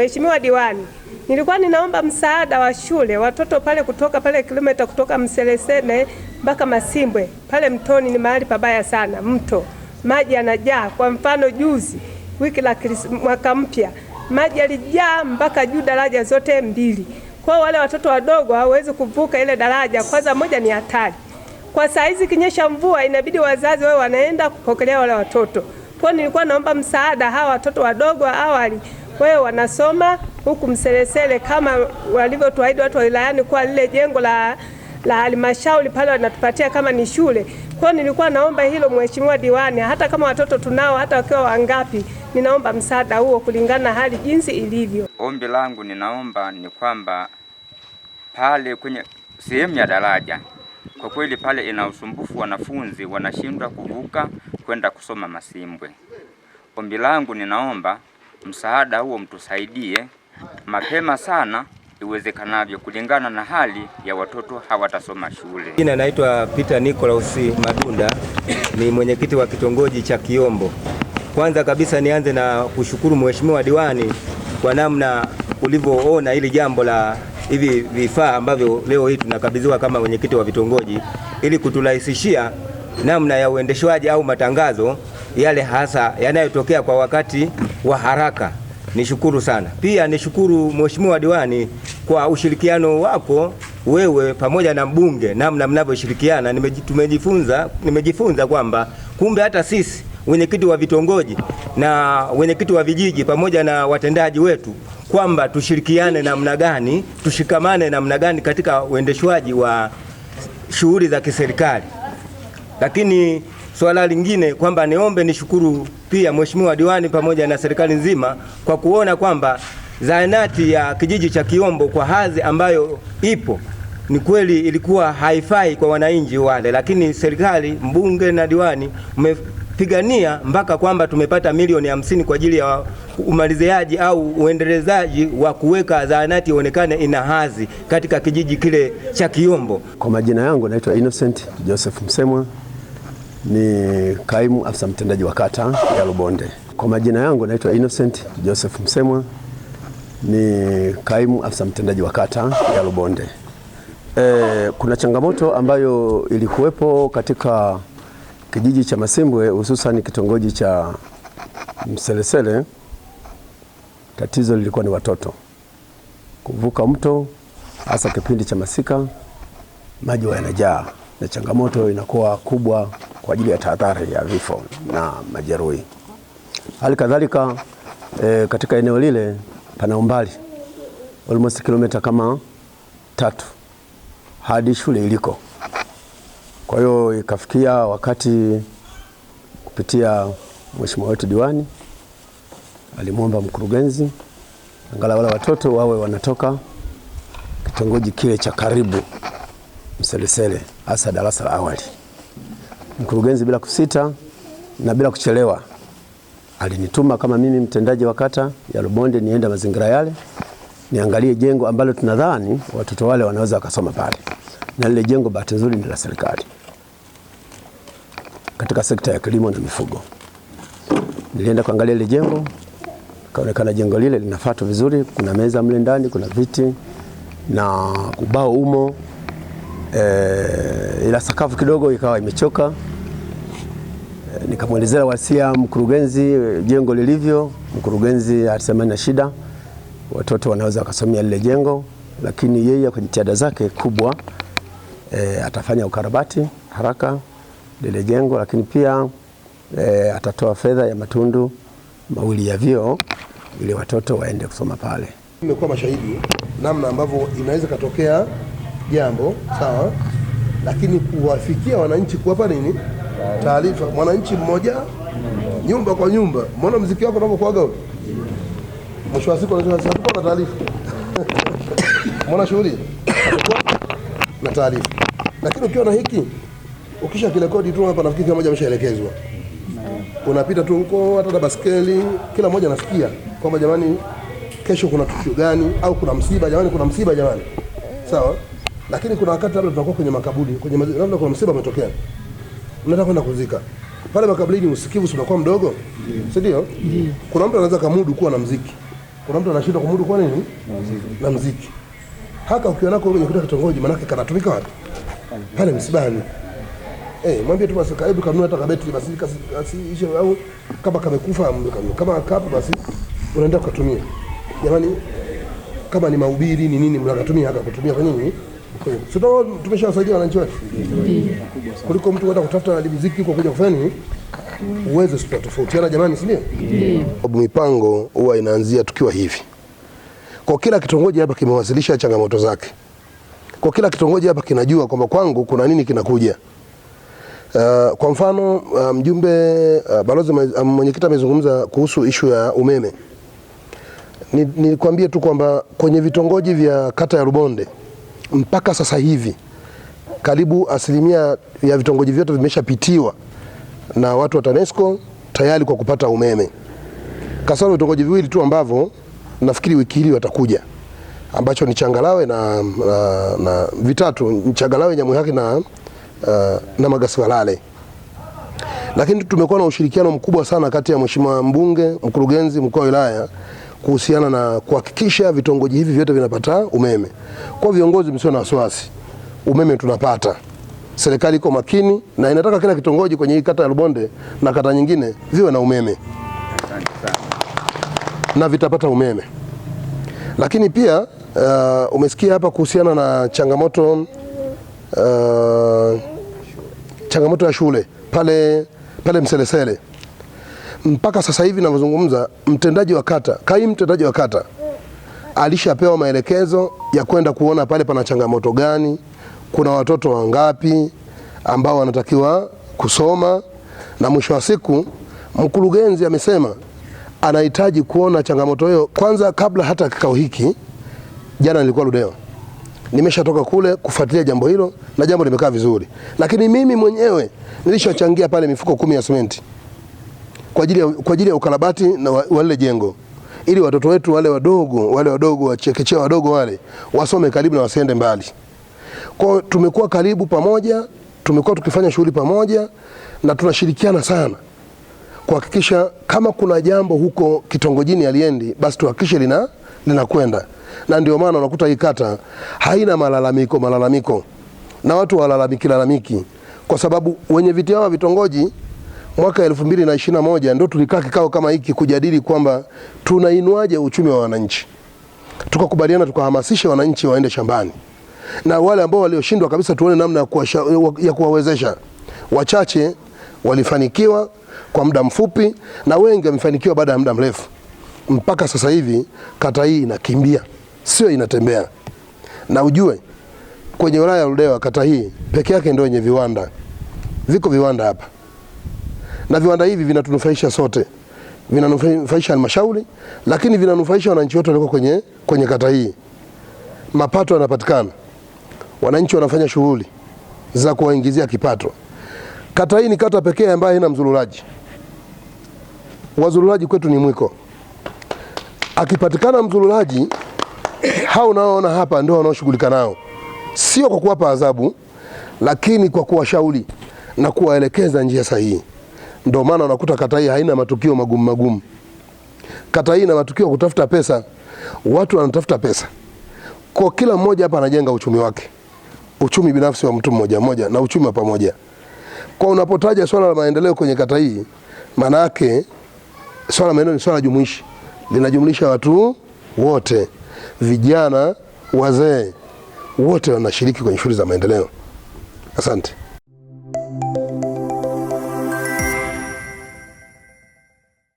Mheshimiwa Diwani, nilikuwa ninaomba msaada wa shule watoto pale kutoka pale kilomita kutoka Mselesene mpaka Masimbwe pale mtoni, ni mahali pabaya sana, mto maji yanajaa. Kwa mfano juzi wiki la mwaka mpya maji yalijaa mpaka juu daraja zote mbili. Kwa wale watoto wadogo hawawezi kuvuka ile daraja, kwanza moja ni hatari. Kwa saa hizi kinyesha mvua, inabidi wazazi wao wanaenda kupokelea wale watoto. Kwa nilikuwa naomba msaada hawa watoto wadogo awali kwa hiyo wanasoma huku Mselesele kama walivyotuahidi watu wa wilayani kuwa lile jengo la la halmashauri pale wanatupatia kama ni shule. Kwa hiyo nilikuwa naomba hilo mheshimiwa diwani, hata kama watoto tunao hata wakiwa wangapi, ninaomba msaada huo kulingana na hali jinsi ilivyo. Ombi langu ninaomba ni kwamba pale kwenye sehemu ya daraja, kwa kweli pale ina usumbufu, wanafunzi wanashindwa kuvuka kwenda kusoma Masimbwe. Ombi langu ninaomba msaada huo mtusaidie mapema sana iwezekanavyo kulingana na hali ya watoto hawatasoma shule. Jina naitwa Peter Nicholas Madunda, ni mwenyekiti wa kitongoji cha Kiombo. Kwanza kabisa nianze na kushukuru Mheshimiwa Diwani kwa namna ulivyoona hili jambo la hivi vifaa ambavyo leo hii tunakabidhiwa kama mwenyekiti wa vitongoji ili kuturahisishia namna ya uendeshwaji au matangazo yale hasa yanayotokea kwa wakati wa haraka. Nishukuru sana pia, nishukuru Mheshimiwa diwani kwa ushirikiano wako wewe pamoja na mbunge, namna mnavyoshirikiana. Tumejifunza, nimejifunza kwamba kumbe hata sisi wenyekiti wa vitongoji na wenyekiti wa vijiji pamoja na watendaji wetu kwamba tushirikiane namna gani, tushikamane namna gani katika uendeshwaji wa shughuli za kiserikali, lakini Swala lingine kwamba niombe nishukuru pia mheshimiwa diwani pamoja na serikali nzima kwa kuona kwamba zahanati ya kijiji cha Kiombo kwa hadhi ambayo ipo ni kweli ilikuwa haifai kwa wananchi wale, lakini serikali, mbunge na diwani mmepigania mpaka kwamba tumepata milioni hamsini kwa ajili ya umaliziaji au uendelezaji wa kuweka zahanati ionekane ina hadhi katika kijiji kile cha Kiombo. Kwa majina yangu naitwa Innocent Joseph Msemwa. Ni kaimu afisa mtendaji wa kata ya Lubonde. Kwa majina yangu naitwa Innocent Joseph Msemwa, ni kaimu afisa mtendaji wa kata ya Lubonde. E, kuna changamoto ambayo ilikuwepo katika kijiji cha Masimbwe hususan kitongoji cha Mselesele. Tatizo lilikuwa ni watoto kuvuka mto, hasa kipindi cha masika, maji yanajaa na changamoto inakuwa kubwa kwa ajili ya tahadhari ya vifo na majeruhi. Hali kadhalika e, katika eneo lile pana umbali almost kilomita kama tatu hadi shule iliko. Kwa hiyo ikafikia wakati kupitia mheshimiwa wetu diwani alimwomba mkurugenzi angalau wale watoto wawe wanatoka kitongoji kile cha karibu Mselesele, hasa darasa la awali. Mkurugenzi bila kusita na bila kuchelewa alinituma kama mimi mtendaji wa kata ya Lubonde nienda mazingira yale niangalie jengo ambalo tunadhani watoto wale wanaweza wakasoma pale, na lile jengo bahati nzuri ni la serikali katika sekta ya kilimo na mifugo. Nilienda kuangalia lile jengo, kaonekana jengo lile linafatwa vizuri, kuna meza mle ndani, kuna viti na ubao umo e, ila sakafu kidogo ikawa imechoka nikamwelezea wasia mkurugenzi jengo lilivyo. Mkurugenzi alisema na shida, watoto wanaweza wakasomea lile jengo, lakini yeye kwa jitihada zake kubwa e, atafanya ukarabati haraka lile jengo, lakini pia e, atatoa fedha ya matundu mawili ya vyoo ili watoto waende kusoma pale. Nimekuwa mashahidi namna ambavyo inaweza katokea jambo sawa, lakini kuwafikia wananchi kuwapa nini taarifa mwananchi mmoja nyumba kwa nyumba. Mbona mziki wako unapokuaga huko, mwisho wa siku hatukuwa na taarifa mbona shughuli na taarifa. Lakini ukiwa na hiki, ukisha kirekodi tu hapa, nafikiri kila mmoja ameshaelekezwa, unapita tu huko, hata na baskeli, kila mmoja anasikia kwamba jamani, kesho kuna tukio gani, au kuna msiba jamani, kuna msiba jamani, sawa. Lakini kuna wakati labda tunakuwa kwenye makaburi, kwenye labda kuna msiba umetokea unaenda kwenda kuzika pale makaburini, usikivu unakuwa mdogo, si ndio? Kuna mtu anaweza kamudu kuwa na mziki, kuna mtu anashindwa kumudu kuwa nini na mziki. Haka ukiona kwa kwenye kuta kitongoji, manake kanatumika wapi? Pale msibani. Eh, mwambie tu basi, karibu kanunua hata kabeti basi, kasiishe au kama kamekufa mkanunua, kama kapa basi unaenda kutumia. Jamani, kama ni mahubiri ni nini, mnakatumia haka kutumia kwa nini? Sio tumeshawasaidia wananchi wetu kuliko mtu kwenda kutafuta aliziki kwa kuja kufanya nini? Uweze tutatofautiana jamani, si ndio? Mipango huwa inaanzia tukiwa hivi. Kwa kila kitongoji hapa kimewasilisha changamoto zake. Kwa kila kitongoji hapa kinajua kwamba kwangu kuna nini kinakuja. Uh, kwa mfano uh, mjumbe uh, balozi uh, mwenyekiti amezungumza kuhusu ishu ya umeme. Nikwambie ni tu kwamba kwenye vitongoji vya kata ya Rubonde mpaka sasa hivi karibu asilimia ya vitongoji vyote vimeshapitiwa na watu wa TANESCO tayari kwa kupata umeme, kasoro vitongoji viwili tu ambavyo nafikiri wiki hii watakuja, ambacho ni Changalawe na, na, na vitatu Changalawe, Nyamwihaki na, uh, na Magasiwalale. Lakini tumekuwa na ushirikiano mkubwa sana kati ya mheshimiwa mbunge, mkurugenzi mkuu wa wilaya kuhusiana na kuhakikisha vitongoji hivi vyote vinapata umeme. Kwa viongozi, msio na wasiwasi, umeme tunapata. Serikali iko makini na inataka kila kitongoji kwenye hii kata ya Lubonde na kata nyingine viwe na umeme na vitapata umeme. Lakini pia uh, umesikia hapa kuhusiana na changamoto uh, changamoto ya shule pale pale Mselesele mpaka sasa hivi ninavyozungumza, mtendaji wa kata, kai mtendaji wa kata alishapewa maelekezo ya kwenda kuona pale pana changamoto gani, kuna watoto wangapi ambao wanatakiwa kusoma, na mwisho wa siku mkurugenzi amesema anahitaji kuona changamoto hiyo kwanza kabla hata kikao hiki. Jana nilikuwa Ludewa, nimeshatoka kule kufuatilia jambo hilo na jambo limekaa vizuri, lakini mimi mwenyewe nilishachangia pale mifuko kumi ya simenti kwa ajili ya, kwa ajili ya ukarabati na wa lile jengo ili watoto wetu wale wadogo wale wadogo wa chekechea wadogo wale wasome karibu na wasiende mbali. Kwa tumekuwa karibu pamoja, tumekuwa tukifanya shughuli pamoja na tunashirikiana sana kuhakikisha kama kuna jambo huko kitongojini aliendi basi tuhakikishe lina linakwenda, na ndio maana unakuta hii kata haina malalamiko malalamiko na watu walalamiki lalamiki, kwa sababu wenye viti hawa vitongoji mwaka moja ndo tulikaa kikao kama hiki kujadili kwamba tunainuaje uchumi wa wananchi. Tukakubaliana tukahamasisha wananchi waende shambani, na wale ambao walioshindwa kabisa tuone namna ya kuwawezesha. Wachache walifanikiwa kwa muda mfupi na wengi wamefanikiwa baada ya muda mrefu. Mpaka sasa hivi kata hii inakimbia, sio inatembea. Na ujue kwenye wilaya ya Ludewa kata hii peke yake ndio yenye viwanda, viko viwanda hapa na viwanda hivi vinatunufaisha sote, vinanufaisha halmashauri, lakini vinanufaisha wananchi wote walioko kwenye, kwenye kata hii. Mapato yanapatikana, wananchi wanafanya shughuli za kuwaingizia kipato. Kata hii ni kata pekee ambayo haina mzururaji. Wazururaji kwetu ni mwiko. Akipatikana mzururaji, hao unaoona hapa ndio wanaoshughulika nao, sio kwa kuwapa adhabu, lakini kwa kuwashauri na kuwaelekeza njia sahihi. Ndio maana unakuta kata hii haina matukio magumu magumu. Kata hii ina matukio ya kutafuta pesa, watu wanatafuta pesa, kwa kila mmoja hapa anajenga uchumi wake, uchumi binafsi wa mtu mmoja mmoja na uchumi wa pamoja. Kwa unapotaja swala la maendeleo kwenye kata hii, maana yake swala maendeleo ni swala jumuishi, linajumlisha watu wote, vijana, wazee, wote wanashiriki kwenye shughuli za maendeleo. Asante.